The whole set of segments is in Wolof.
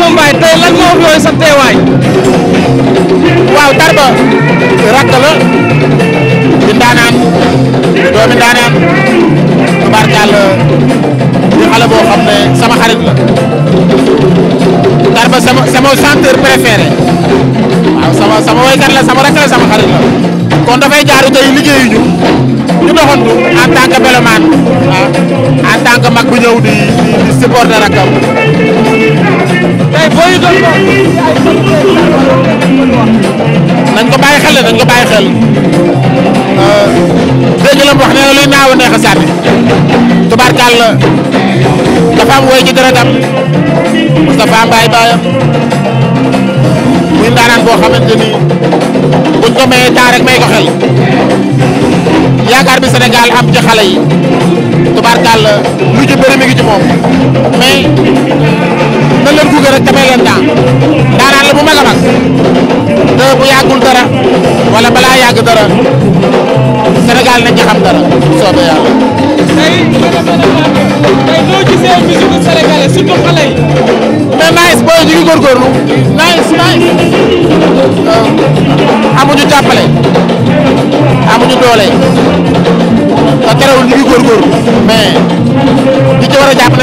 Tarba waaw Tarba rakk la di ndaanaan doomi ndaanaan tubaarkàlla di xale boo ne sama xarit la Tarba sama sama chanteur préféré waaw sama sama waykat la sama rakk la sama xarit la kon dafay jaaru tey liggéeyuñu ñu doxantu en tant que mélomane ah, en mag bu ñëw di di supporter rakkam nañ ko bàyyi xel nañ ko bàyyi xel. Euh, dégg la wax ne luy naaw a neex a sànni. tubaarkaal la woy ci dara dam Moustapha Mbaye muy ndaanaan boo xamante ni buñ ko mayee temps rek may ko xel am ci xale yi tubaarkaal la lu bu yàggul dara wala balaa yàgg dara Sénégal nañ ci xam dara soobee yàlla. tey tey noo gisee musique sénégalaise surtout xale yi. mais nice booy ñu ngi góorgóorlu nice nice euh, amuñu a jàpp nañ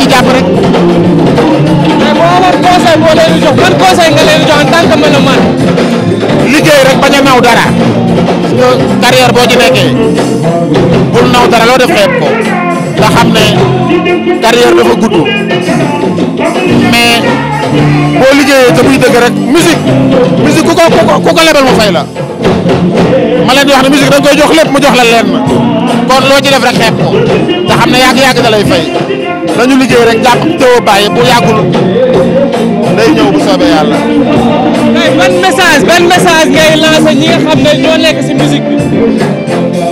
ci jàpp rek. mais boo amoon conseil boo leen di jox ban conseil nga leen di liggéey rek bañ a naw dara carrière boo ci nekkee bul naw dara loo def xeeb ko nga xam ne carrière dafa gudd mais boo liggéeyee te muy dëgg rek musique musique ku ko ku ko lebal mu fay la ma leen di wax ne musique koy jox lépp mu jox la leen kon loo ci def rek xeeb ko nga xam ne yàgg-yàgg da fay lañu liggéey rek jàpp teew a bàyyi bu yàggul day ñëw bu soobee yàlla. ban message ban message ngay lancer ñi nga ne ñoo nekk si musique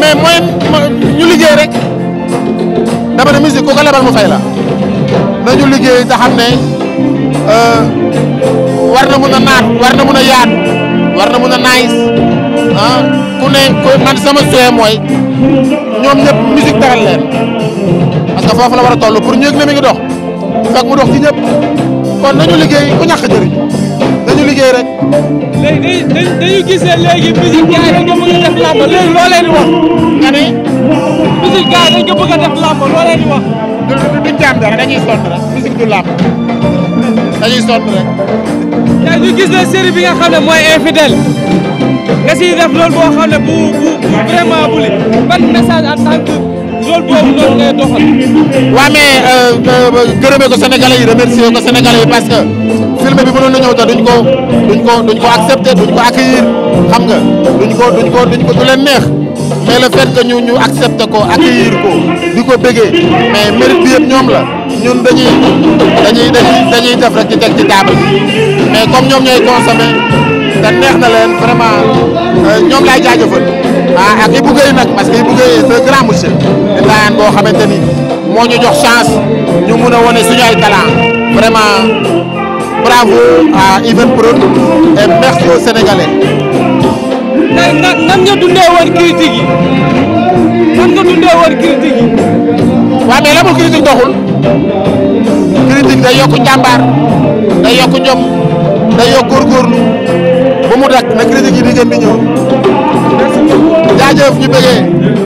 bi. mooy ñu liggéey rek dama ne musique ko lebal mu fay la nañu liggéey te xam ne euh, war na mun a naat war na mun a yaat war na mun a naayis ah ku ne man sama souhait mooy ñoom ñëpp musique taxal parce que foofu la war a toll pour ñu yëg ne mi ngi dox fekk mu dox ci ñëpp. kon nañu liggéey ku ñàkk jëriñ liggéey rek. léegi dañu dañu léegi musique gars yi dañ ko bëgg a def làmb léegi loo leen wax. nga ne musique gars yi dañ ko bëgg a def làmb loo leen wax. du rek musique du làmb dañuy sonn rek. yaa ñu gis ne série bi ne mooy infidèle nga siy def loolu boo ne bu bu vraiment bu ban message en rôle boobu noonu ngay doxal. waaw mais euh, euh, ko Sénégalais yi remercier ko Sénégalais yi parce que film bi mënoon na ñëw te duñ ko duñ ko duñ ko accepter duñ ko accueillir xam nga duñ ko duñ ko duñ ko du neex mais le fait que ñu ñu accepter ko accueillir ko di ko bëggee mais mérite bi ñoom la ñun dañuy dañuy dañuy def rek ci teg ci table mais comme ñoom ñooy consommer te neex na leen vraiment euh, ñoom laay jaajëfal. ah ak Ibou Gueye parce que Ibou Gueye c'est un grand monsieur. di boo xamante ni moo ñu jox chance ñu mun a wane suñu ay vraiment bravo à Even Prod et merci aux Sénégalais. nan nan nga dundee woon critique yi la mu critique doxul critique day yokk njàmbaar day yokk njom day yokk góorgóorlu na critique yi di jaajëf ñu bëggee